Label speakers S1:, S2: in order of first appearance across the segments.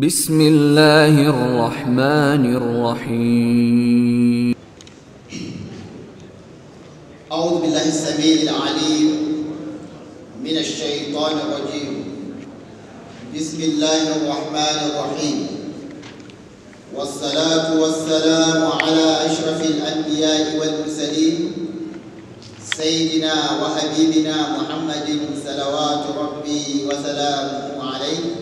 S1: بسم الله الرحمن الرحيم أعوذ بالله السميع العليم من الشيطان الرجيم بسم الله الرحمن الرحيم والصلاة والسلام على أشرف الأنبياء والمرسلين سيدنا وحبيبنا محمد صلوات ربي وسلامه عليه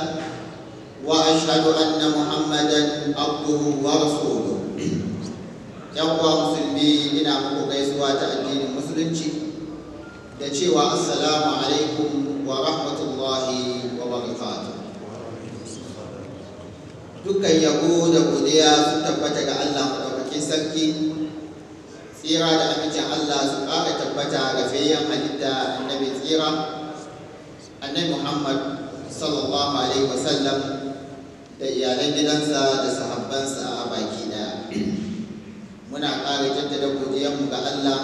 S1: وأشهد أن محمدا عبده ورسوله يقوى مسلمي إنا مكو غيسوا تأدين مسلمتي da cewa assalamu alaikum wa rahmatullahi wa dukkan yabo da godiya su tabbata ga Allah madaukakin sarki tsira da amincin Allah su ƙara tabbata ga fayyan halitta annabi tsira annabi Muhammad sallallahu alaihi wasallam da iyalan gidansa da sahabbansa a baki daya muna ƙara jaddada godiyanmu ga Allah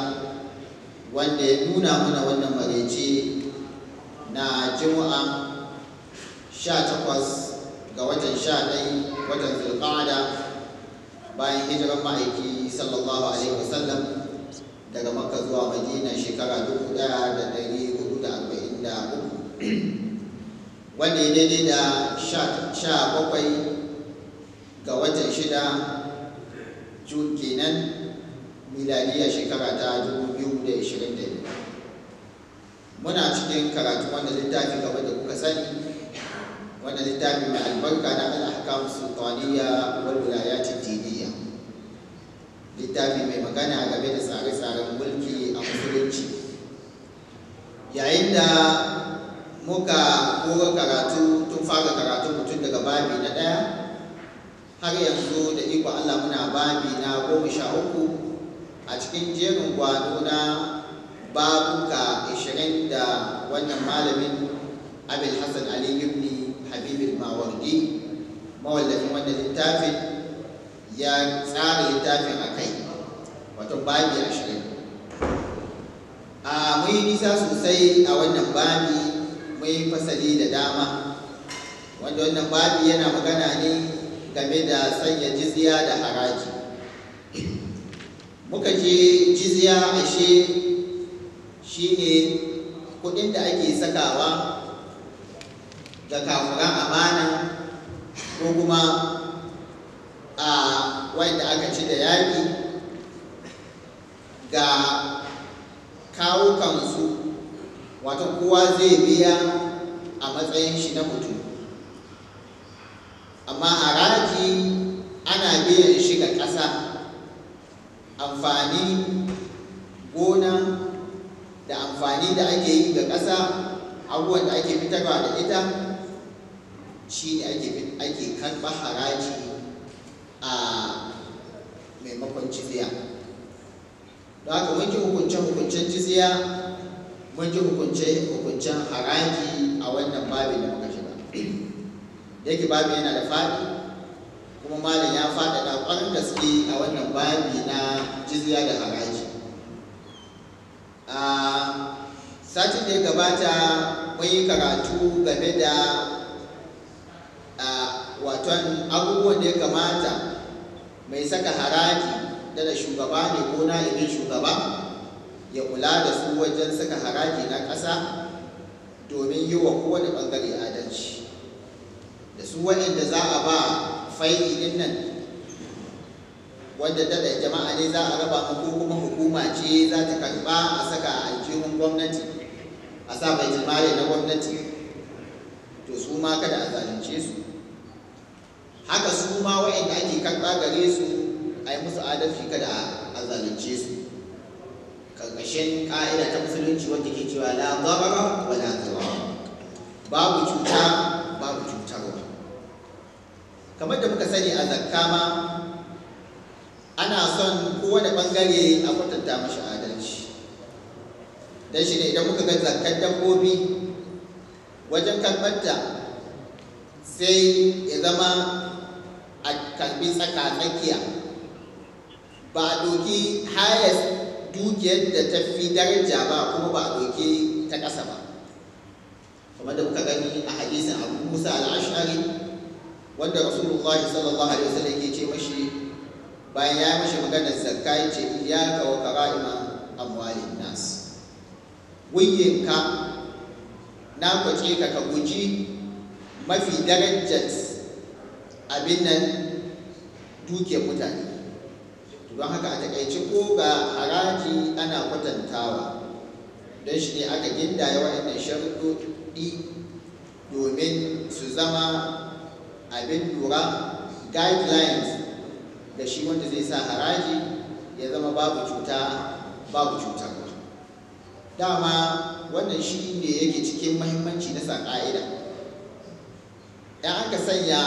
S1: wanda ya nuna mana wannan marece na juma'a 18 ga watan 11 watan zulqa'ada bayan hijirar ma'aiki sallallahu alaihi wasallam daga makka zuwa madina shekara 1443 wanda ya daidai da sha bakwai ga watan shida jun kenan miladiya shekara ta 2022 muna cikin karatu wanda littafi gaba da kuka sani wanda littafi mai albarka na al'ahkam sultaniya wal wilayatin diniya littafi mai magana game da tsare-tsaren mulki a musulunci yayin da muka kora karatu tun fara karatu mutum daga babi na ɗaya har yanzu da iko Allah muna babi na goma sha uku a cikin jerin gwado na babuka ishirin da wannan malamin abin hassan ali ibni habibin mawardi mawallafin wannan littafin ya tsara littafin a kai wato babi ashirin a muyi nisa sosai a wannan babi mai fasali da dama wanda wannan babi yana magana ne game da sanya jizya da haraji muka ce jizya ashe shine kudin da ake sakawa ga kafuran amana ko kuma a wanda aka ci da yaƙi ga kawukansu wato kowa zai biya a matsayin shi na mutum amma haraji ana biyan shi ga ƙasa amfani gona da amfani da ake yi ga ƙasa abubuwan da ake fitarwa da ita shi ne ake karɓar haraji a maimakon jizya don haka mun hukuncen hukuncen jizya mun ji hukunce hukuncen haraki a wannan babin da muka shiga yake babi yana da faɗi kuma malam ya faɗaɗa ƙwarin gaske a wannan babi na jizya da haraki a satin da ya gabata mun yi karatu game da waton abubuwan da ya kamata mai saka haraki da shugaba ne ko na ibin shugaba ya kula da su wajen saka haraji na ƙasa domin yi wa kowane ɓangare adalci da su waɗanda za a ba fai'i din nan wanda daɗa jama'a ne za a raba ko kuma hukuma ce za ta karɓa a saka a aljihun gwamnati a sa mai jimare na gwamnati to su ma kada a zalunce su haka su ma waɗanda ake karɓa gare su a yi musu adalci kada a zalunce su ƙarƙashin ƙa'ida ta musulunci wanda ke cewa la zabara wa la babu cuta babu cutarwa kamar da muka sani a zakka ma ana son da ɓangare a kwatanta mashi adalci don shi ne idan muka ga zakkar dabbobi wajen karɓarta sai ya zama a karɓi tsaka tsakiya ba a doki highest dukiyar da ta fi daraja ba kuma ba a ta ƙasa ba kamar da kuka gani a hadisin abu musa al'ashari wanda rasulullahi sallallahu alaihi wasallam yake ce mashi bayan ya mashi maganar zakka ya ce iyaka wa qara'ima amwalin nas wuyinka na kwace ka ka guji mafi darajar abin nan dukiyar mutane don haka a takaice ko ga haraji ana kwatantawa don shi ne aka gindaya waɗannan sharuɗoɗi domin su zama abin lura guidelines da shi wanda zai sa haraji ya zama babu cuta babu cutar dama wannan shi ne yake cikin mahimmanci na sa ƙa'ida ɗan aka sanya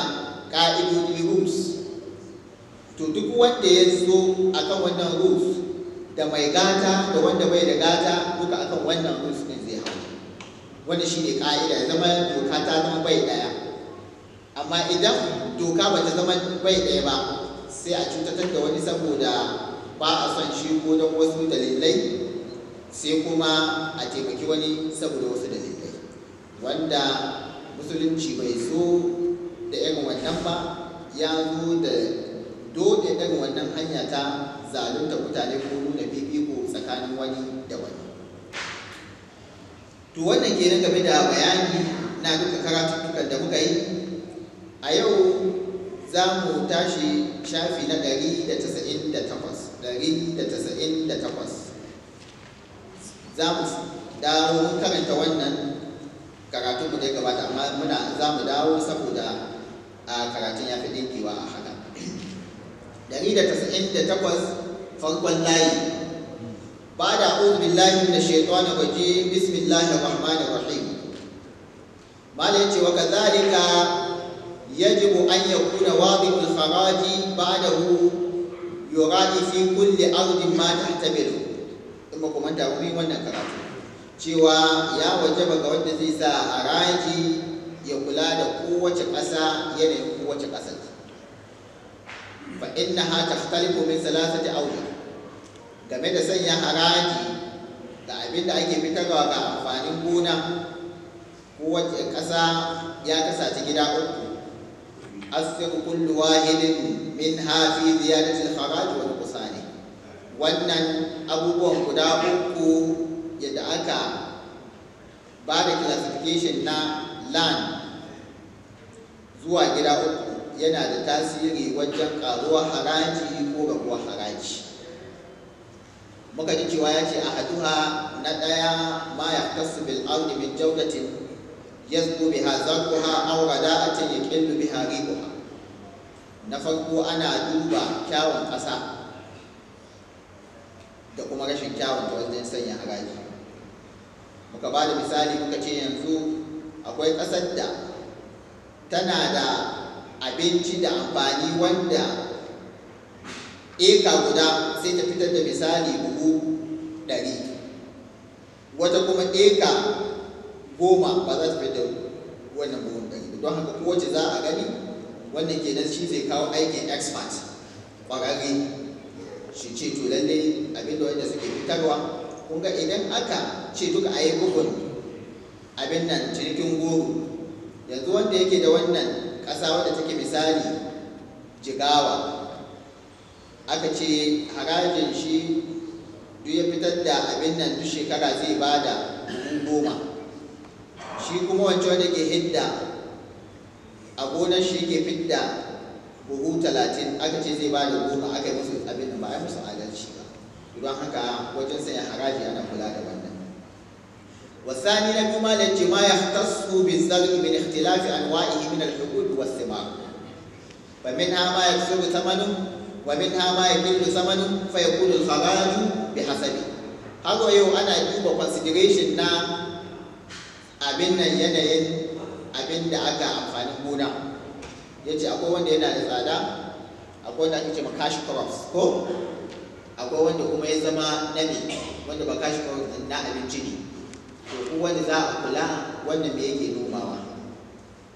S1: ƙa'idodi rules to duk wanda ya zo a kan wannan roof da mai gata da wanda bai da gata duka akan wannan roof ne zai hau wanda shi ne ka'ida ya zama doka ta zama bai daya amma idan doka ba ta zama bai daya ba sai a cutatar da wani saboda ba a son shi ko don wasu dalilai sai kuma a taimaki wani saboda wasu dalilai wanda musulunci bai so da irin wannan ba ya zo da dole ɗan wannan hanya ta zalunta mutane ko nuna fifiko tsakanin wani da wani to wannan kenan game da bayani na duka karatuttukan da muka yi a yau za mu tashi shafi na 198 za mu dawo karanta wannan karatu mu da ya gabata amma muna za mu dawo saboda a karatun ya fi ɗinkewa a 198 farkon layi ba da a'udhu billahi minash shaitani rajim bismillahir rahmanir rahim malai ce wa kadhalika yajibu an yakuna wadi'ul faraji ba'dahu yuradi fi kulli ardin ma tahtamilu in ba kuma da wuri wannan karatu cewa ya wajaba ga wanda zai sa haraji ya kula da kowace ƙasa yanayin kowace ƙasa fa innaha tahtalifu min ta awja game da sanya haraji da abin da ake fitarwa ga amfanin gona ko kowace ƙasa ya kasace gida uku asiru kullu wahidin min hafi ziyadatil haraji wa qusani wannan abubuwan guda uku yadda aka ba da classification na land zuwa gida uku yana da tasiri wajen karuwa haraji ko raguwar haraji muka ji cewa ya ce a haduwa na ɗaya ma ya kasu bil ardi min jawdatin aura, da a aw ya yaqillu biha ha na farko ana duba kyawun ƙasa da kuma rashin kyawun ta wajen sanya haraji muka ba da misali muka ce yanzu akwai ƙasar da tana da abinci da amfani wanda eka guda sai ta fitar da misali buhu ɗari wata kuma eka goma ba za ta fitar da wannan buhun ɗari don haka kowace za a gani wannan kenan shi zai kawo aikin expert ƙwararre shi ce to lallai abinda wanda suke fitarwa kun ga idan aka ce duka a yi bugun abin nan cinikin goro yanzu wanda yake da wannan ƙasa wadda take misali jigawa aka ce harajin shi duk ya fitar da abin nan duk shekara zai ba da goma shi kuma wancan wanda ke hidda a gonar shi ke fidda buhu talatin aka ce zai ba da goma aka yi musu abin da ba a yi musu adalci ba don haka wajen sanya haraji ana kula da wani wasani na biyu malam ce ma ya tasu bi zar'i min ikhtilafi anwa'ihi min al-huquq was thimar fa minha ma yaksubu thamanun wa minha ma yakillu thamanun yau ana duba consideration na abin yanayin abin da aka amfanin gona ce akwai wanda yana da tsada akwai wanda ake cash crops ko akwai wanda kuma ya zama na ne wanda ba kashi kawai na abinci ne ko wani za a kula wannan me yake nomawa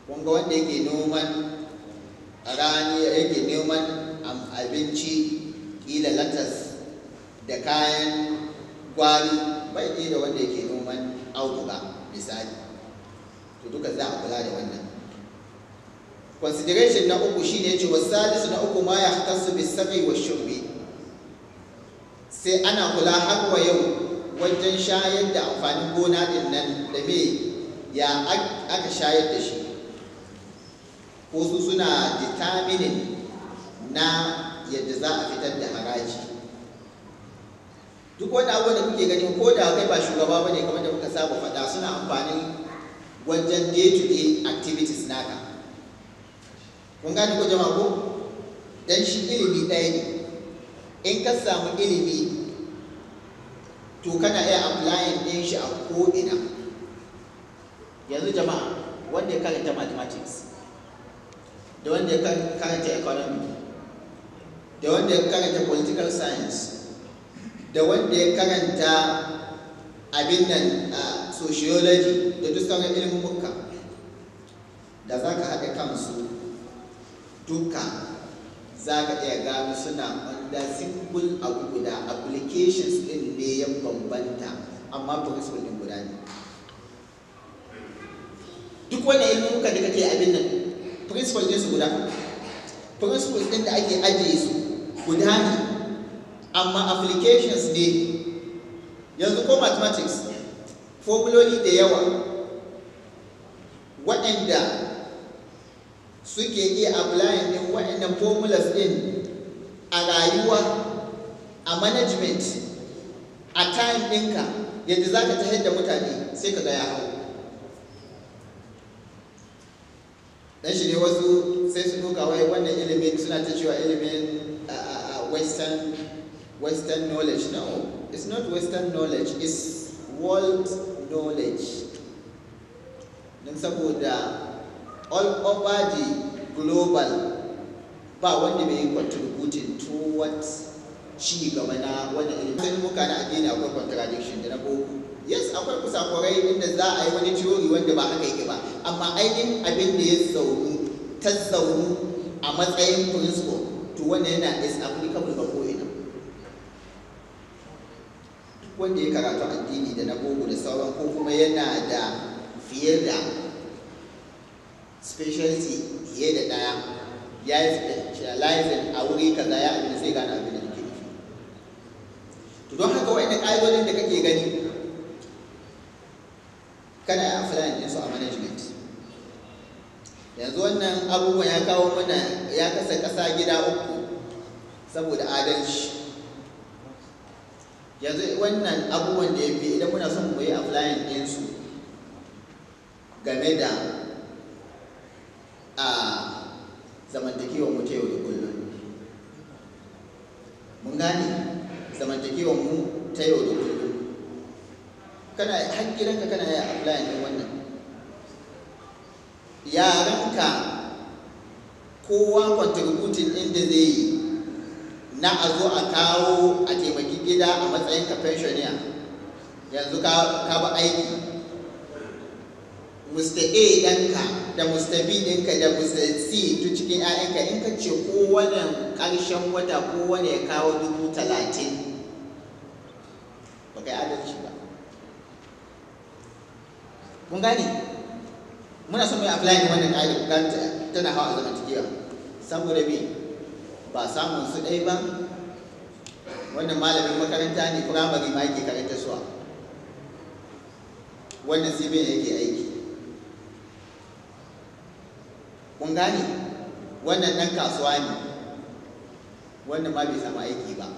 S1: kun ga wanda yake noman rani yake neman abinci kila latas da kayan gwari bai ne da wanda yake noman auduga misali to duka za a kula da wannan consideration na uku shine yace Salisu na uku ma ya hakasu bi sabi wa shurbi sai ana kula har wa yau wajen shayar da amfanin gona din nan da me ya aka shayar da shi ko su suna determining na yadda za a fitar da haraji duk wani abu da kuke ganin ko da kai ba shugaba bane kamar da muka saba faɗa suna amfanin wajen day to day activities naka kun gane ko jama'a ko dan shi ilimi ɗaya ne in ka samu ilimi to kana iya applying ɗin shi a ko'ina yanzu jama'a wanda ya karanta mathematics da wanda ya karanta economy da wanda ya karanta political science da wanda ya karanta abin nan a sociology da duk sauran ilimin muka da za ka haɗa kansu duka za ka iya gano suna da simple abu guda applications din ne ya bambanta amma principle din guda ne duk wanda ya muka da kake abin nan principle din su guda principal din da ake ajiye su guda ne amma applications ne yanzu ko mathematics formuloli da yawa waɗanda suke iya applying din waɗannan formulas din a rayuwa a management a time ɗinka yadda za ka tahar da mutane sai ka ga ya hau dan shi ne wasu sai su doka wai wannan ilimin suna ta cewa ilimin a western western knowledge no it's not western knowledge it's world knowledge don saboda all over the global ba wanda bai yi contributing what ci gaba na wani ilimi sun muka na addini akwai contradiction da na boko yes akwai kusakwarai inda za a yi wani theory wanda ba haka yake ba amma ainihin abin da ya zaunu ta zaunu a matsayin principle to wanda yana is applicable ga ko'ina duk wanda ya karatu addini da na boko da sauran ko kuma yana da fiye da specialty fiye da ɗaya ya yi specializing a wuri kaza ya abin da sai gane abin da nake nufi to don haka wa'annan ƙa'idodin da kake gani kana amfani da su a management yanzu wannan abubuwan ya kawo mana ya kasa ƙasa gida uku saboda adalci yanzu wannan abubuwan da ya fi idan muna son koyi applying din su game da a ah, zamantakewar mu ta yau da kullum mun gane zamantakewar mu ta yau da kullum kana har kana yaya applying ne wannan yaranka kowa contributing inda zai yi na a zo a kawo a taimaki gida a matsayin ka pensioner yanzu ka ba aiki mr a danka da mr b ɗinka da mr c duk cikin 'ya'yanka in ka ce kowane ƙarshen wata kowane ya kawo dubu talatin ba kai adalci ba kun gane muna son mai apply ne wannan ƙari tana hawa zama zamantakewa saboda bi ba samun su ɗai ba wannan malamin makaranta ne firamare ma yake karanta suwa wannan cbn yake aiki kun gane wannan nan kasuwa ne wannan ma bai samu aiki ba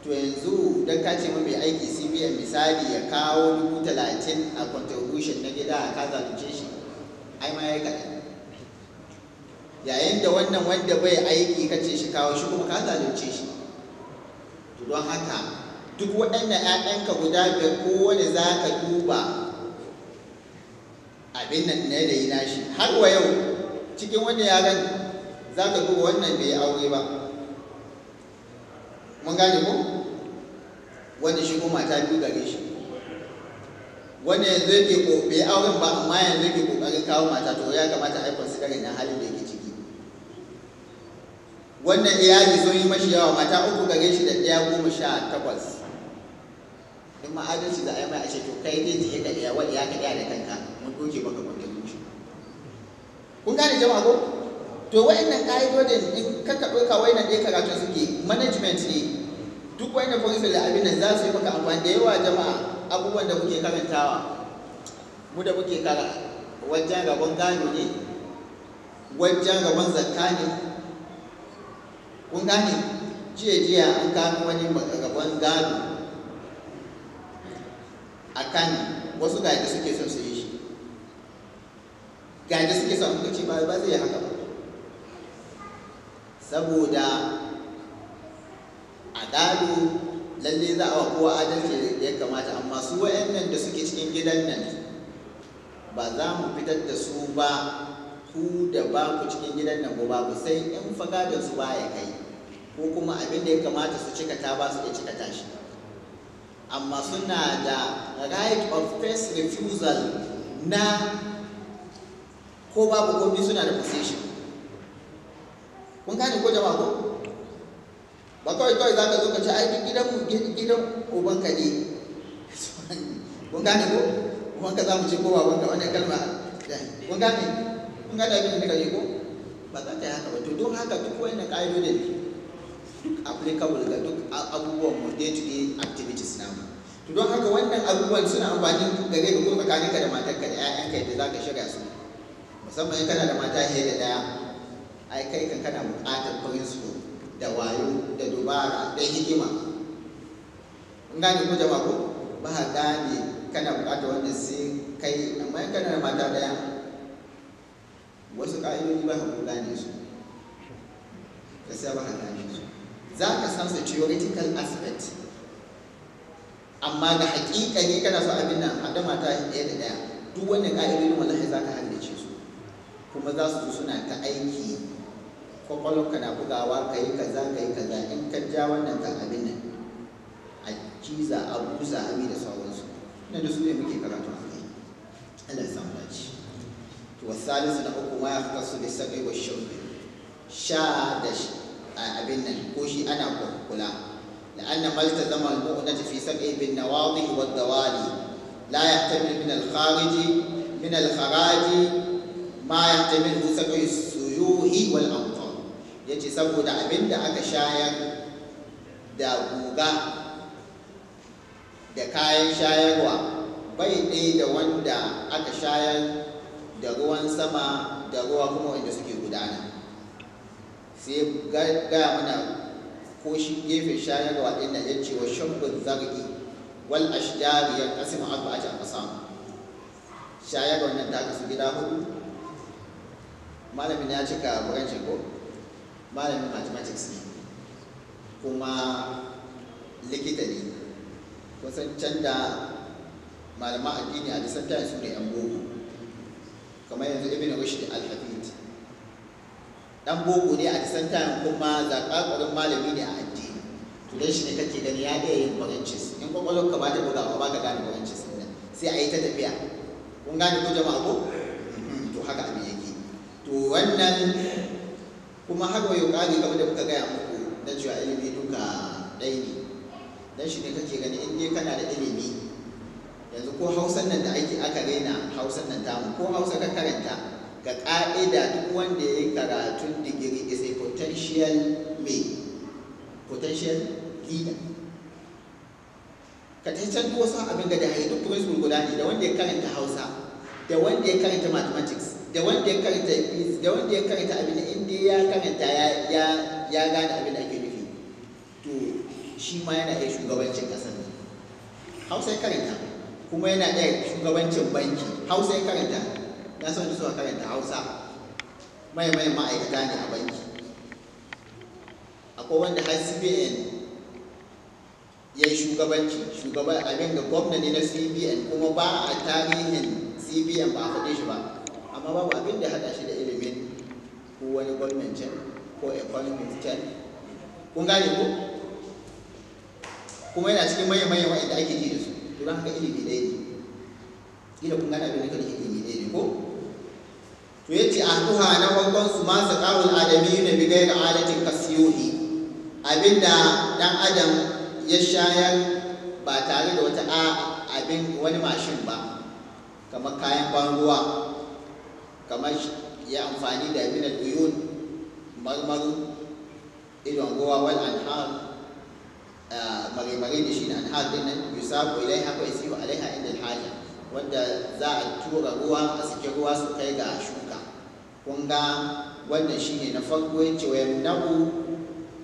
S1: to yanzu don ka ce mai aiki cbn misali ya kawo dubu talatin a contribution na gida a ka zalunce shi ai ma ya yi kaɗan yayin da wannan wanda bai aiki ka shi kawo shi kuma ka zalunce shi to don haka duk waɗannan 'ya'yanka guda biyar kowane za ka duba abin nan ne da yi nashi har wa yau cikin wani yaran za ka duba wannan bai aure ba mun gane ko wanda shi kuma mata biyu gare shi wanda yanzu yake ko bai auren ba amma yanzu yake kokarin kawo mata to ya kamata a yi considering na halin da yake ciki wannan iyali sun yi mashi yawa mata uku gare shi da ɗaya goma sha takwas in ma'adalci za a yi mai a ce to kai dai je ka iya wani ya ka iya da kanka ko maka makamantan shi kun gane jama'a ko to wayannan ka'idodin in ka ka ɗauka wayannan ɗaya karatu suke management ne duk wayannan principle da abin nan za su yi maka amfani da yawa jama'a abubuwan da muke karantawa mu da muke kara wajen rabon gano ne wajen rabon zakka ne kun gane jiya jiya an gano wani rabon gano akan wasu ga suke son su yi Gaji suke samun kuka ba ba zai haka ba saboda adalu lalle za a wa kowa adalci da ya kamata amma su wa'annan da suke cikin gidan nan ba za mu fitar da su ba ku da ba ku cikin gidan nan ba ku sai in faga da su ba ya kai ko kuma abin da ya kamata su cika ta ba su iya cika ta shi amma suna da right of first refusal na ko babu ko suna da position kun gane ko jama'a ko ba kawai kawai za ka zo ka ce ai gidan gidan ka ne kun gane ko ka za mu ce ko babanka wannan kalma kun gane kun gane abin da kake ko ba za ka yi haka ba to don haka duk wani ƙa'idodin duk applicable ga duk abubuwan mu day to day activities mu. to don haka wannan abubuwan suna amfani gare ka ko tsakaninka da matarka da 'ya'yanka yadda za ka shirya su musamman in kana da mata fiye da daya ai kai kan kana buƙatar koyin su da wayo da dubara da hikima in gane ko jama'a ko ba ka gane kana buƙatar wanda sai kai amma in kana da mata daya wasu ƙa'idodi ba ka gane su da sai ba ka gane su za ka san su theoretical aspect amma da hakika ne kana so abin nan da mata ɗaya da ɗaya duk wanda ƙa'idodin wallahi za ka haddace su kuma za su suna ta aiki kwakwalonka na bugawa ka yi kaza ka yi kaza in ka ja wannan kan abin nan a ciza a busa ami da sauransu na da su ne muke karatu a kai Allah ya samu dace to wasalisu na uku ma ya fita su da sabai wa shirbi sha da abin nan ko shi ana kula Da la'anna maltazama al-mu'nati fi sab'i bin nawadhi wa dawali la yahtamil min al-khariji min al-kharaji ma yahtamin sakayu suyuhi wal ya ce saboda abin da aka shayar da guga da kayan shayarwa bai ɗaya da wanda aka shayar da ruwan sama da ruwa kuma wanda suke gudana sai gaya mana ko shi gefe shayarwa ɗin nan ya ce wa shabbin zargi wal ashdari ya abu a can shayarwa nan ta kasu gida hudu malamin ya cika buranci ko malamin mathematics ne kuma likita ne kusan can da malaman addini a lissafta su ne yan boko kamar yanzu ibn rushd al-hafid dan boko ne a lissafta kuma zakarkarin malami ne a addini to dan shi ne kake gani ya iya yin branches in kwakwalwar ka ba ta buga ba ka gane branches sai a yi ta tafiya kun gane ko jama'a ko hmm, to haka ne to wannan kuma haka yau kari kamar da muka gaya muku na cewa ilimi duka ɗai ne dan shi ne kake gani in dai kana da ilimi yanzu ko hausan nan da aiki aka raina hausan nan tamu ko hausa ka karanta ga ƙa'ida duk wanda ya yi karatun digiri is a potential me potential leader ka ta wasu ko abin da da haidu principle guda ne da wanda ya karanta hausa da wanda ya karanta mathematics da wanda ya karanta da wanda ya karanta abin da inda ya karanta ya ya gane abin da ake nufi to shi ma yana da shugabancin kasar hausa ya karanta kuma yana da shugabancin banki hausa ya karanta na san su suka karanta hausa mai mai ma'aikata ne a banki akwai wanda har cbn ya yi shugabanci shugaban abin da gwamna ne na cbn kuma ba a tarihin cbn ba a faɗe shi ba amma babu abin da haɗa shi da ilimin ko wani gwamnan can ko economist can kun gane ko kuma yana cikin manyan manyan wa'anda ake ji da su to don haka ilimi ɗaya ne kila kun gane abin da kan ilimi ɗaya ne ko to yace duha na farkon su ma saqawul adamiyyu bi gaira alatin kasiyuhi abinda dan adam ya shayar ba tare da wata abin wani mashin ba kamar kayan ban ruwa kamar ya amfani da minal uyun marmaru idon ruwa wal anhar mare da shi da anhar din nan yusabu ilaiha wa yusibu alaiha inda alhaja wanda za a tura ruwa a suke ruwa su kai ga shuka kun ga wannan ne na farko ce wa yamna'u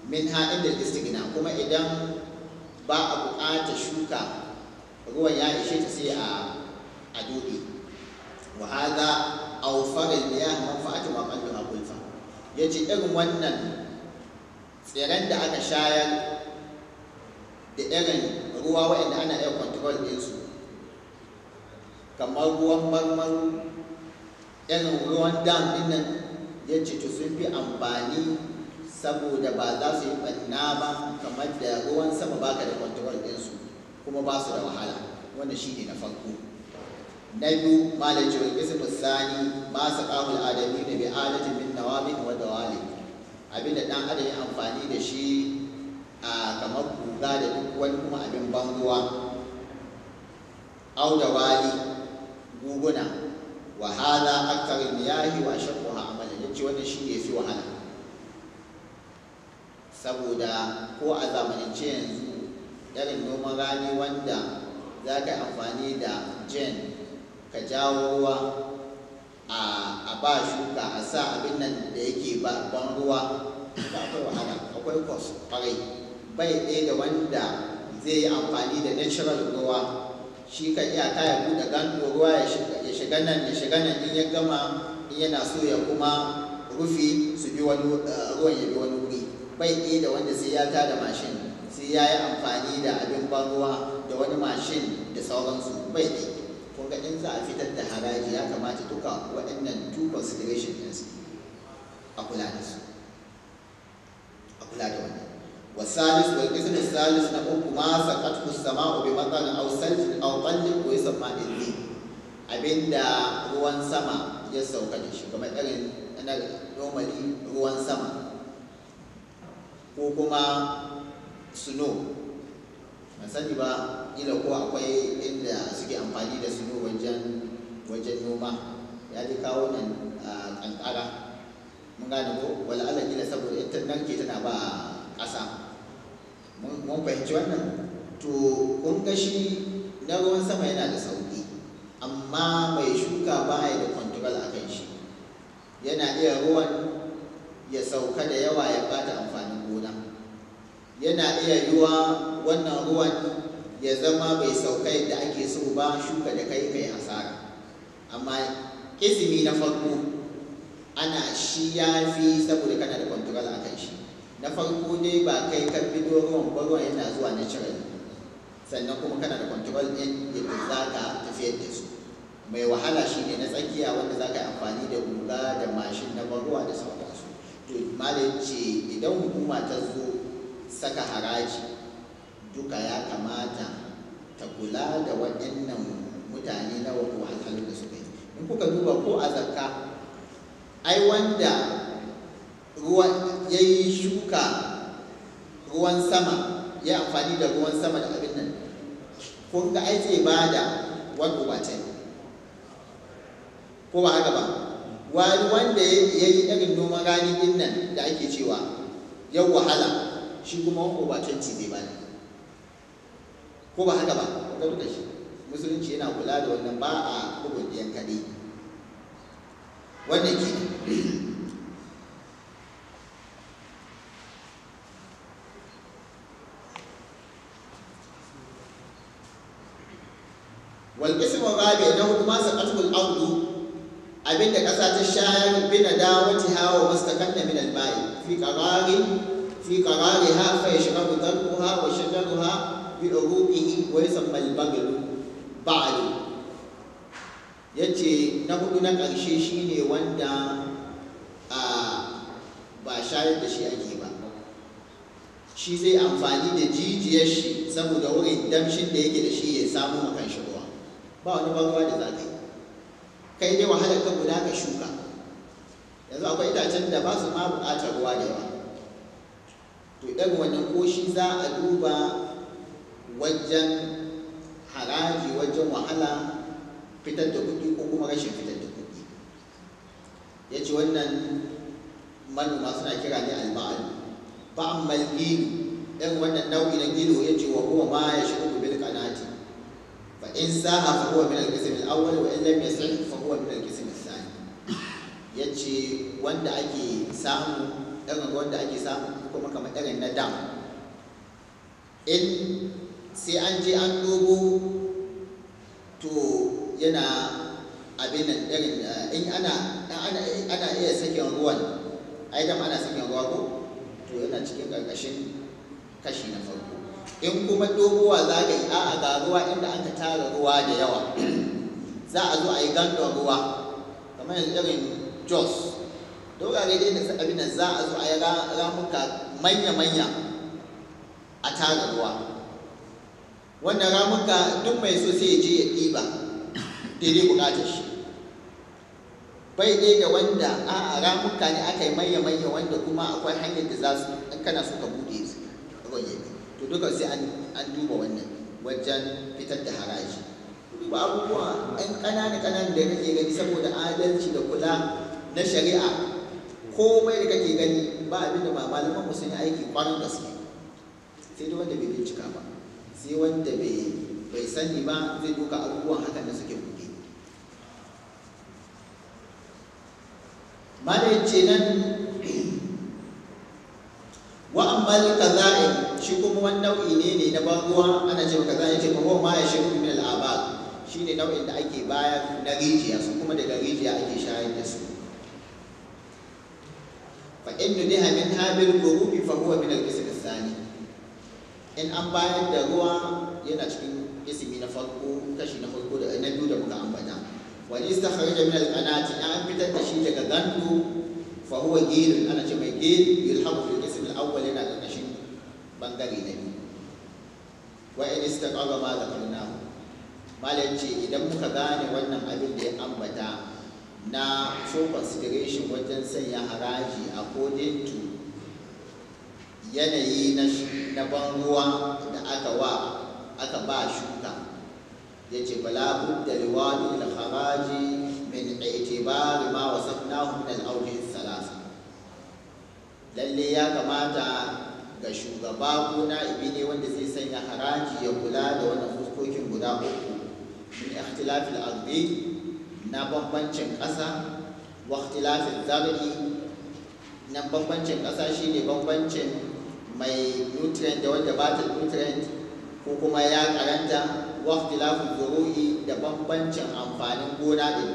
S1: min ha inda istighna kuma idan ba a buƙata shuka ruwan ya ishe ta sai a a dobe wa hada awfarin ya manfa'atu ma qalbi aqulfa yace irin wannan tsirran da aka shayar da irin ruwa waɗanda ana iya control din su kamar ruwan marmaru irin ruwan dam din nan yace to sun fi amfani saboda ba za su yi ɓanna ba kamar da ruwan sama baka da control ɗinsu kuma ba su da wahala wanda shi ne na farko na biyu malam ce wani kismu sani ma su kamul adami da bi alatin min nawami wa dawali abinda dan adam ya amfani da shi a kamar kuga da duk wani kuma abin banguwa au dawali guguna wa hada aktarin miyahi wa shakkuha amalan yace wannan shi ne fi wahala saboda ko a zamanance yanzu irin noman rani wanda za ka amfani da jen ka jawo ruwa a ba shuka a sa abin nan da yake ba ban ruwa ba akwai wahala akwai kwas kwarai bai ɗaya da wanda zai yi amfani da natural ruwa shi ka ta ya buɗe gando ruwa ya shiga nan ya shiga nan in ya gama in yana so ya kuma rufi su bi wani eh, ruwan ya bi wani wuri bai ɗaya da wanda sai ya tada mashin sai ya yi amfani da abin ban ruwa da wani mashin da sauransu bai ɗaya kuka in za a fitar da haraji ya kamata duka waɗannan two consideration ɗinsu a kula da su a kula da wannan والثالث والقسم الثالث نقول ما سقطه السماء بمطر او ثلج او طلق ويسمى اللي abinda ruwan sama ya sauka da shi kamar irin na normally ruwan sama ko kuma snow ban sani ba ila ko akwai inda suke amfani da su wajen wajen noma ya ji kawo nan kankara mun gane ko wala ala gina saboda ita nan ke tana ba ƙasa mun fahimci wannan to kun gashi na ruwan sama yana da sauki amma mai shuka ba ya da kwantural a kan shi yana iya ruwan ya sauka da yawa ya bata amfanin gona yana iya yiwa wannan ruwan ya zama bai sauka yadda ake so ba shuka da kai kai hasara amma izini na farko ana shi ya fi saboda kana da kwantural a kan na farko dai ba kai kan fito ruwan ba yana zuwa na cire sannan kuma kana da kwantural ɗin yadda za ka tafiyar da su mai wahala shi ne na tsakiya wanda za ka yi amfani da guga da mashin na ruwa da sauransu to idan hukuma ta zo saka haraji duka ya kamata ta kula da waɗannan mutane na wahalhalu da suka yi in kuka duba ko a zakka ai wanda ruwan ya yi shuka ruwan sama ya amfani da ruwan sama da abin nan kun ga ai zai ba da wani ubatan ko ba haka ba wani wanda ya yi irin noman rani din nan da ake cewa yau wahala shi kuma wani over 20 zai bani ko ba haka ba ka duka shi musulunci yana kula da wannan ba a bugun ɗiyan kaɗai wannan ke والقسم الرابع انه ما سقطه الارض abinda ƙasa ta shayar bina dawatiha wa mastaqanna min al في قرارها فيشرب تركها وشجرها بعروقه ويسمى البغل بعد yace na hudu na ƙarshe shi ne wanda ba shayar da shi ake ba shi zai amfani da jijiyar shi saboda wurin damshin da yake da shi ya samu a kan ruwa ba wani ruwa da za kai dai wahalar ka guda ka shuka yanzu akwai itacen da ba su ma buƙatar ruwa da yawa to irin wannan ko shi za a duba wajen haraji wajen wahala fitar da kuɗi ko kuma rashin fitar da kuɗi ya ce wannan manoma suna kira ne alba'al ba'an mai gilu irin wannan nau'i na gilu ya ce wa kuma ma ya shi uku bil kanati fa in sa'a fa huwa min al-qism al-awwal wa in lam yasih fa huwa min al-qism al-thani yace wanda ake samu irin ruwan da ake samu kuma kamar irin na dam in sai an je an dogo to yana abin irin eh, in ana ana iya sakin ruwan ai dam ana sakin ruwa ko to yana cikin karkashin kashi na farko in kuma dogowa za ka yi a ga ruwa inda an ka tara ruwa da yawa za a zo a yi gandon ruwa kamar yanzu irin jos da wurare dai da abin da za a zo a yi ramuka manya-manya a tara ruwa wannan ramuka duk mai so sai ya je ya ɗiba daidai buƙata shi bai dai ga wanda a ramuka ne aka yi manya-manya wanda kuma akwai hanyar da za su in kana so ka buɗe su to duka sai an duba wannan wajen fitar da haraji ba abubuwa 'yan ƙanana-ƙanana da nake gani saboda adalci da kula na shari'a komai da kake gani ba abin da ba malaman mu sun yi aiki kwanan gaske sai da wanda bai bincika ba sai wanda bai bai sani ba zai duka abubuwan hakan da suke buɗe mana yace nan wa ammal kaza'in shi kuma wani nau'i ne ne na banguwa ana ce kaza yace ce, kuma ma yashru min al-abad shine nau'in da ake baya na rijiya su kuma daga rijiya ake shayar da su fa in nudiha min habil qurubi fa min al Sani. in an bayar da ruwa yana cikin isimi na farko kashi na farko da na biyu da muka ambata Wani in istakhraja min al-qanati an fitar da shi daga gandu fa huwa ana ce mai gil yulhabu fil qism al-awwal yana kashin bangare na biyu wa in istaqaga ma zakarnahu malam ce idan muka gane wannan abin da ya ambata na for consideration wajen sanya haraji according to yanayi na ban ruwa da aka wa aka ba shuka ya ce bala da liwadi da haraji min itibari ma wasu min al aure salasa lalle ya kamata ga shugaba ko ibi ne wanda zai sanya haraji ya kula da wannan fuskokin guda uku min ikhtilafil ardi na bambancin ƙasa wa ikhtilafin zabadi na bambancin ƙasa shine bambancin mai nutrient da wanda ba ta nutrient ko kuma ya karanta wa ikhtilafin zuru'i da bambancin amfanin gona ɗin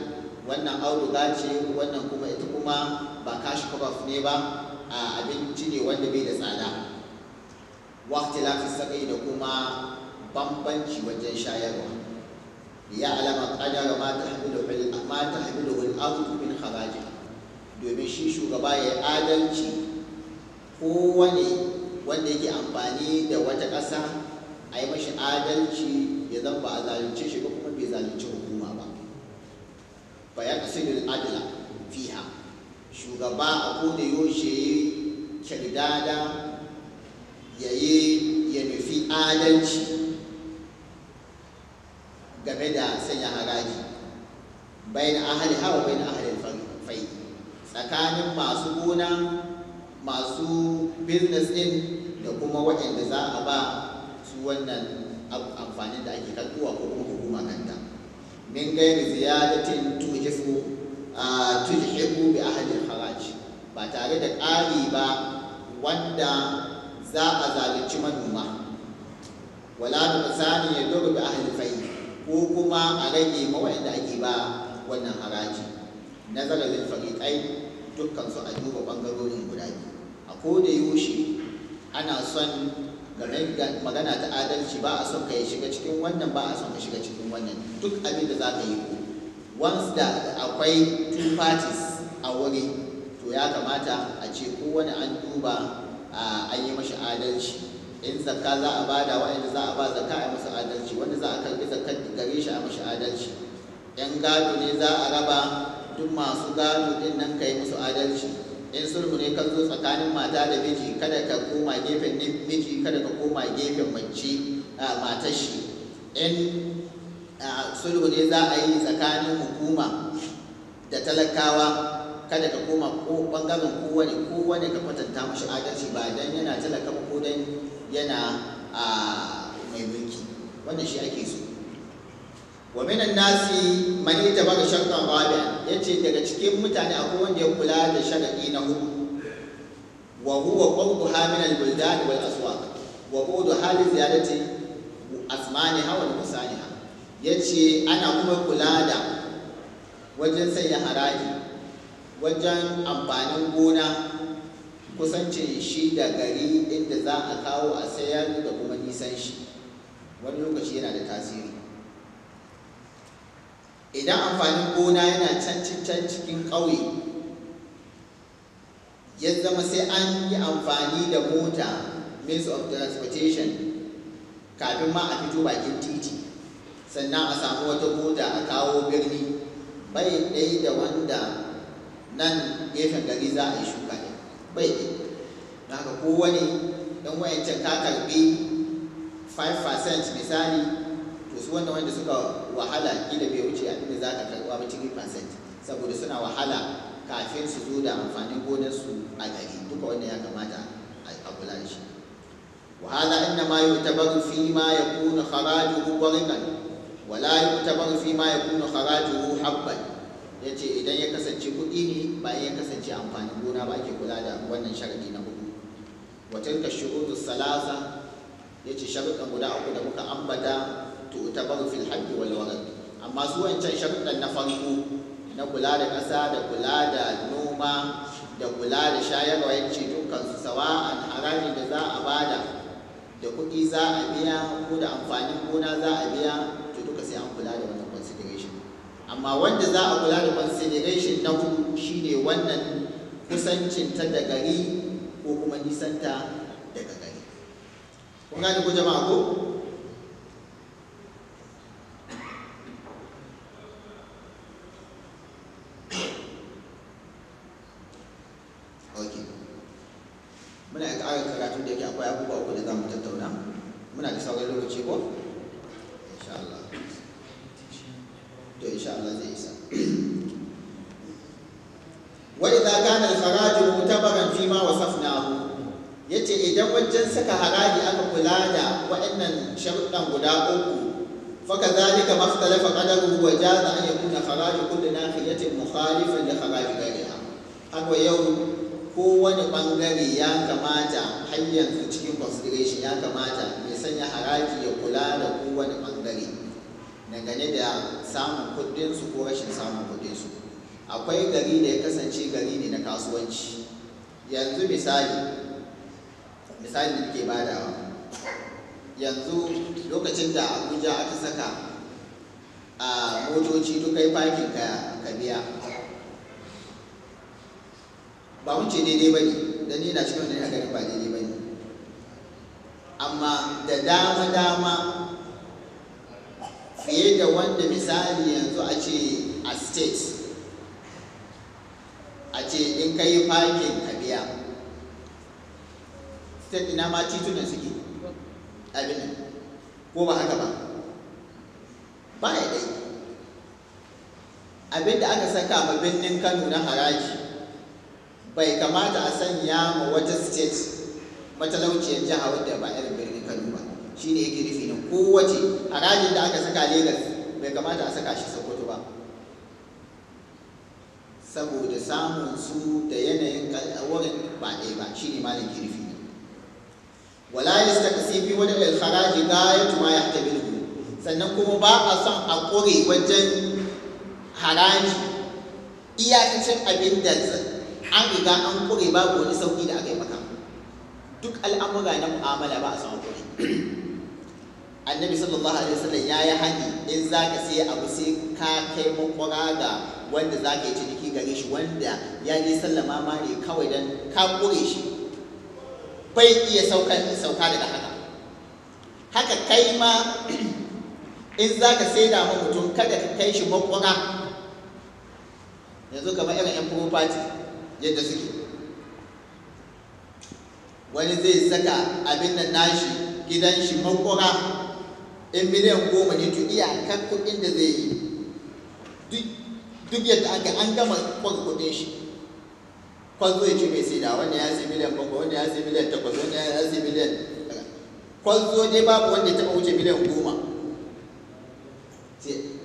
S1: wannan auduga ce wannan kuma ita kuma ba cash crop ne ba a abinci ne wanda bai da tsada wa ikhtilafin sabai da kuma bambanci wajen shayarwa liya'lama qadara ma tahmilu ma tahmilu al-ardu min domin shi shugaba ya adalci kowane wanda yake amfani da wata ƙasa a yi mashi adalci ya zan ba a zalunce shi ba kuma bai zalunce hukuma ba bayan asirin adala fiha shugaba a koda yaushe ya yi kirdada ya yi ya nufi adalci game da sanya haraji bayan ahali hawa bayan ahali fai tsakanin masu gona masu business din da kuma waɗanda za a ba su wannan amfanin da ake karɓuwa ko kuma hukuma kanta min gairi ziyadatin tujifu tujifu bi ahli haraji ba tare da ƙari ba wanda za a zalunci manoma wala da misali ya dogara bi ahli fai ko kuma a rage ma waɗanda ake ba wannan haraji Na zarafin fariƙai dukkan su a duba ɓangarorin guda biyu a da yaushe ana son magana ta adalci ba a son ka shiga cikin wannan ba a son ka shiga cikin wannan duk abin da za ka yi ko once da akwai two parties a wuri to ya kamata a ce ko wani an duba an yi mashi adalci in zakka za a bada wa'anda za a ba zakka a musu adalci wanda za a karbi zakkar gare shi a mashi adalci yan gado ne za a raba duk masu gado din nan kai musu adalci in sulhu ne ka zo tsakanin mata da miji kada ka koma gefen miji kada ka koma gefen mace matar shi in sulhu ne za a yi tsakanin hukuma da talakawa kada ka koma ko bangaren kowane kowane ka kwatanta mashi adalci ba dan yana talaka ko dan yana a mai mulki wanda shi ake so wa minan nasi man ittabaqa shartan Ya yace daga cikin mutane akwai wanda ya kula da sharadi na hudu wa huwa qawluha min al-buldan wal aswaq wa qudu hali ziyadati asmaniha wa Ya yace ana kuma kula da wajen sanya haraji wajen amfanin gona kusancin shi da gari inda za a kawo a sayar da kuma nisan shi wani lokaci yana da tasiri idan amfanin gona yana can cikin ƙauye ya zama sai an yi amfani da mota means of transportation kafin ma a fito bakin titi sannan a samu wata mota a kawo birni bai ɗaya da wanda nan gefen gari za a yi shuka ne bai yi don haka kowane don wayancan ka karbi 5% misali to su wanda wanda suka wahala gida bai wuce a abinda za ka karba ba 3% saboda suna wahala kafin su zo da amfanin su a gari duka wanda ya kamata a kula da shi وهذا إنما wala فيما ta خراجه fi ma ya kuna يكون خراجه حبا ya ce idan ya kasance kuɗi ne bayan ya kasance amfanin gona ba ake kula da wannan sharadi na hudu watan ka shurutu salasa ya ce sharuɗan guda uku da muka ambata to ta bar fil haƙƙi wal warad amma su wancan sharuɗan na farko na kula da ƙasa da kula da noma da kula da shayarwa ya ce dukkan sawa'an harami da za a bada da kuɗi za a biya ko da amfanin gona za a biya to duka sai an kula da amma wanda za a kula da consideration na hudu shine wannan kusancinta da gari ko kuma nisanta daga gari kun gane ku jama'a ko muna da ƙarin karatu da yake akwai abubuwa uku da za mu tattauna muna da sauran lokaci ko insha Allah to insha Allah zai isa wa idza kana al-kharaj mutabaran fi ma wasafnahu yace idan wajen saka haraji aka kula da waɗannan sharuɗan guda uku faka zalika mastalafa qadaruhu wa jaza an yakuna kharaj kulli nahiyatin mukhalifan li kharaj ghayriha haka yau kowane bangare ya kamata hanyar cikin consideration ya kamata mai sanya haraji ya kula da kowane bangare dangane da samun kuɗinsu ko rashin samun kuɗinsu akwai gari da ya kasance gari ne na kasuwanci yanzu misali misali da ke badawa yanzu lokacin da abuja aka saka a motoci kai fakin ka biya ba wuce daidai ba ne da ni na cikin da a garin ba daidai ba ne amma da dama dama fiye da wanda misali yanzu a ce a state a ce in ka yi fakin ka biya state ina ma titunan suke abin ko ba haka ba ba ya dai abin da aka saka ma birnin kano na haraji bai kamata a sanya ma wata state matalauciyar jiha wadda ba irin birni ne yake nufi da kowace harajin da aka saka Legas bai kamata a saka shi Sokoto ba saboda samun su da yanayin wurin ba ɗaya ba shi ne malam ke nufi wala yastakasi fi wani al-kharaji ya ma yahtamilu sannan kuma ba a son a ƙure wajen haraji iyakacin abin da an riga an ƙure babu wani sauƙi da aka yi maka duk al'amura na mu'amala ba a son a ƙure annabi sallallahu alaihi wasallam ya yi hani in za ka sai abu sai ka kai makwara ga wanda za ka yi ciniki gare shi wanda ya je sallama ma ne kawai don ka kure shi bai iya sauka sauka daga haka haka kai ma in za ka sai ma mutum kada ka kai shi makwara yanzu kamar irin yan property yadda suke wani zai saka abin da nashi gidan shi makwara in miliyan goma ne to iyakan kuɗin da zai yi duk yadda aka an gama kwan kuɗin shi kwanzo ya ce mai sai da wanda ya zai miliyan bakwai wanda ya zai miliyan takwas wanda ya zai miliyan kwazo dai babu wanda ya taɓa wuce miliyan goma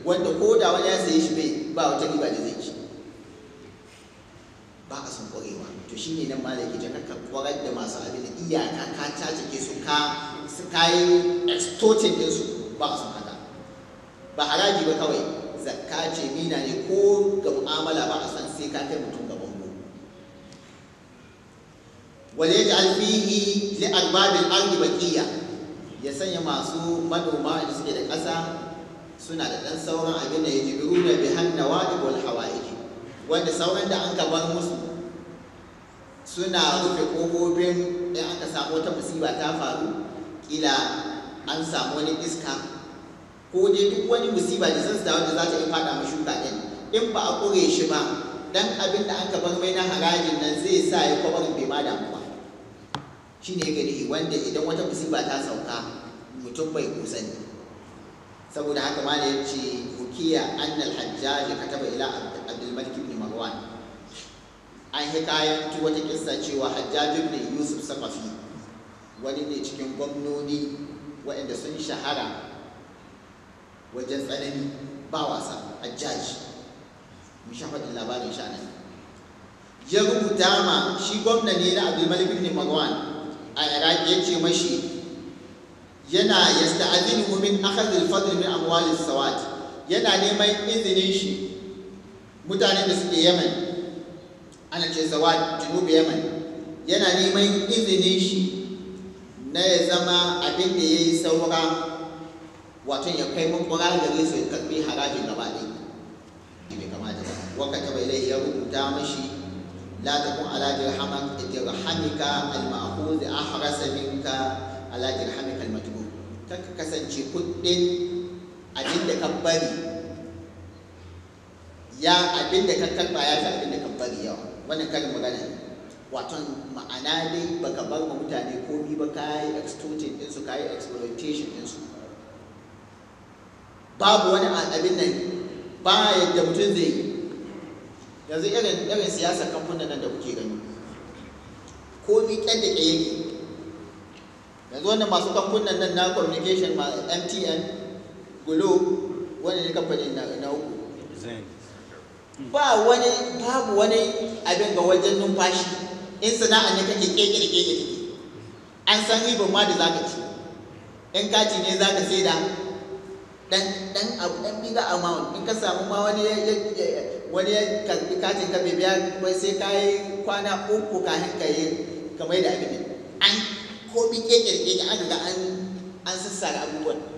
S1: wanda ko da wani ya sayi shi bai ba wata riba da zai ci ba a san kwarewa to shine nan ma da yake jaka ka kwarar da masu abin da iyaka ka cace ke su ka su kayi extorting din su ba a ba haraji ba kawai zakka ce mina ne ko ga mu'amala ba a san sai ka kai mutum ga mu wale ji alfihi li albabin ardi baqiya ya sanya masu manoma da suke da ƙasa suna da ɗan sauran abin da ya jibiru na bi hannawa wal hawaiji wanda sauran da an ka bar musu suna rufe ƙofofin in aka samu wata musiba ta faru kila an samu wani iska ko dai duk wani musiba da zan da za ta yi fada ma shuka ɗin in ba a kure shi ba dan abin da an bar mai na harajin nan zai sa ya kwabar bai ma damu ba shi ne gari wanda idan wata musiba ta sauka mutum bai kusani saboda haka ma da yace hukiya annal hajjaj kataba ila abdul malik ibn marwan an hikayantu wata kissa cewa hajjaj ibn yusuf saqafi wani ne cikin gwamnoni waɗanda sun shahara wajen tsanani ba wasa hajjaji mu sha faɗin labarin sha nan ya rubuta ma shi gwamna ne na abdulmalik ibn marwan a iraq ya ce mashi yana yasta'adinu min akhadh al-fadl min amwal as-sawat yana neman izinin shi Mutane da suke yaman ana ce sawat junub yaman yana neman izinin shi na ya zama abin da ya yi saura wato ya kai da zai su ya karbi haraji gaba ɗaya bai da ba waka taba ilai ya rubuta mashi la takun ala dirhamak dirhamika al ma'khuz ahrasa minka ala dirhamika al matbu ta kasance kuɗin abin da ka bari ya abin da ka karba ya fi abin da ka bari yawa wannan karin magana ne waton ma'ana dai baka bar ma mutane komi ba ka yi extortion ɗinsu ka yi exploitation ɗinsu babu wani abin nan ba yadda mutum zai yi yanzu irin irin siyasa kamfanin nan da kuke gani komi ƙyan da yake yanzu wannan masu kamfanin nan na communication ma mtn gulo wani ne kamfanin na na uku ba wani babu wani abin ga wajen numfashi in sana'a ne kake kekere kekere an san ribin ma da za ka ci in kaci ne za ka sai da dan dan abu dan biga amount in ka samu ma wani ya wani ya karbi katin ka bibiya wai sai ka yi kwana uku kafin ka yi kamar da ne, an ko bi kekere kekere an ga an an sassara abubuwan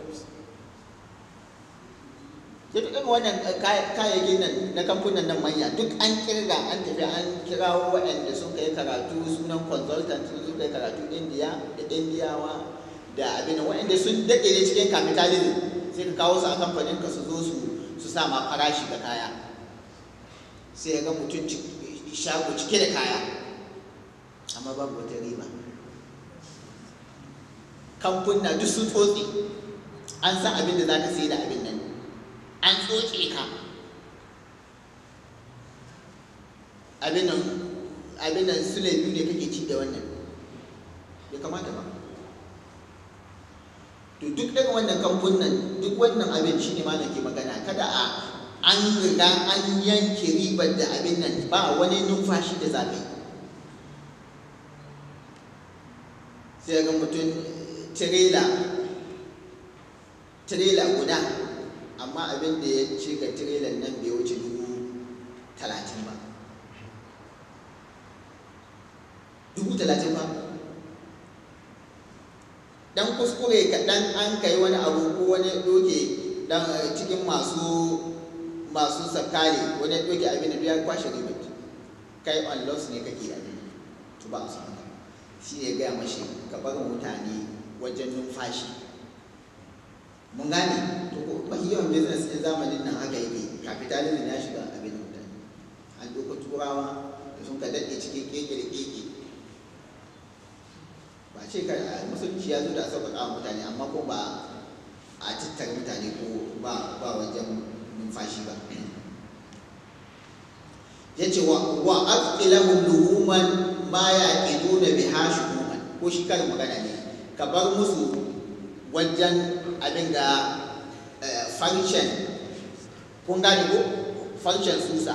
S1: sai duk irin wannan kayayyakin nan na kamfunan nan manya duk an kirga an tafi an kirawo waɗanda sun kai karatu sunan consultant sun kai karatu indiya da indiyawa da abin waɗanda sun daɗe ne cikin capitalism sai ka kawo su a kamfanin ka su zo su su sa ma farashi ga kaya sai ya ga mutum shago cike da kaya amma babu wata riba kamfunan duk sun tsotsi an san abin da za ka sai da abin an tsoke ka abinan abinan ne kake ci da wannan ya kamata ba to duk daga wannan kamfunan duk wannan abin shi ne mana ke magana kada a an riga an yanke ribar da abin nan ba wani numfashi da zaɓe sai ga mutum tirela tirela guda amma abin da ya ce ga tirelan nan bai wuce dubu talatin ba dubu talatin ba dan kuskure kaɗan an kai wani abu ko wani doke dan eh, cikin masu masu sakali wani doke abin da ya kwashe riba kai on loss ne kake abin to ba a samu shi ne gaya mashi ka bar mutane wajen numfashi mun gane to ko yawan business ɗin zamanin nan haka yake capitalism ya shiga abin mutane an doka turawa da sun ka daɗe cikin keke da keke ba ce ka musulunci ya zo da sauƙaƙa mutane amma ko ba a tattara mutane ko ba wajen numfashi ba ya ce wa afqilahum luhuman ma yaqiduna biha shuhuman ko shi kar magana ne ka bar musu wajen abin da eh, function kun gani ko function susa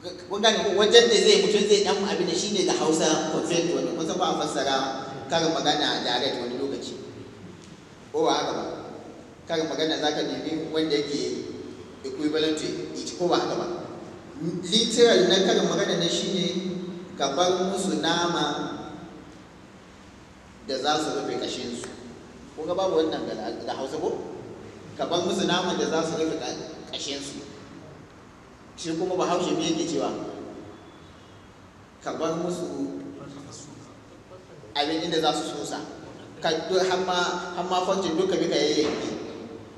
S1: kun gani ko wajen da zai mutum zai dan abin da shine da hausa conflict wani kusa ba a fassara karin magana direct wani lokaci ko ba haka ba karin magana za ka nemi wanda yake equivalent to it ko ba haka ba literal na karin magana na shine ka bar musu nama da za su rufe ƙashinsu. ko ga babu wannan da hausa ko kaban musu naman da za su rufe ƙashinsu. shi kuma ba haushe me ke cewa kaban musu abin inda za su sosa Ka har hamma fancin duka bi ka yayyanki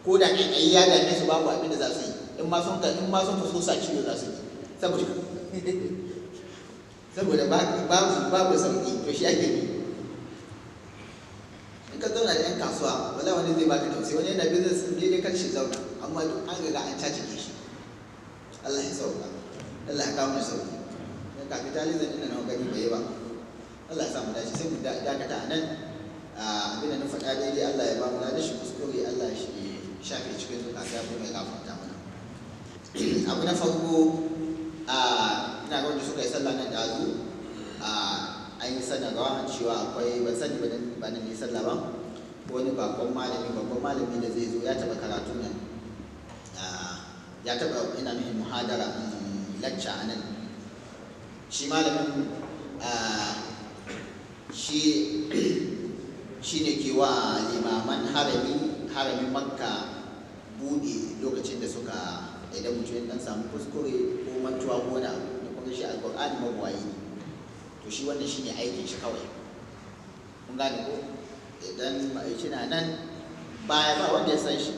S1: ko da ƙaiƙayi ya dame su babu abin da za su yi in ma sun in ma sun ciwo za su yi saboda saboda babu babu sauki to shi ake bi ka zauna da yan kasuwa wala wani zai baka tausayi wani yana business din daidai kan shi zauna amma duk an ga an cace shi Allah ya sauka Allah ya kawo sauki dan capitalism din nan gani bai ba Allah ya samu dace sai mu dakata a nan abin da na faɗa dai Allah ya ba mu da shi kuskure Allah shi shafe cikin zukata ya mai gafarta mana abu na farko a ina ga wanda suka yi sallah nan da a an yi sanarwa cewa akwai ban sani ba na nisan ko wani bakon malami bakon malami da zai zo ya taba karatu nan ya taba ina nufin muhadara mm, lacca a nan shi malamin shi ne ke wa limaman harami harami makka buɗe lokacin da suka idan mutum ya dan samu kuskure ko mantuwa gona da kuma shi alƙur'ani ne to shi wannan shine aikin shi kawai kun gane ko idan ma'aici na nan baya ba wanda ya san shi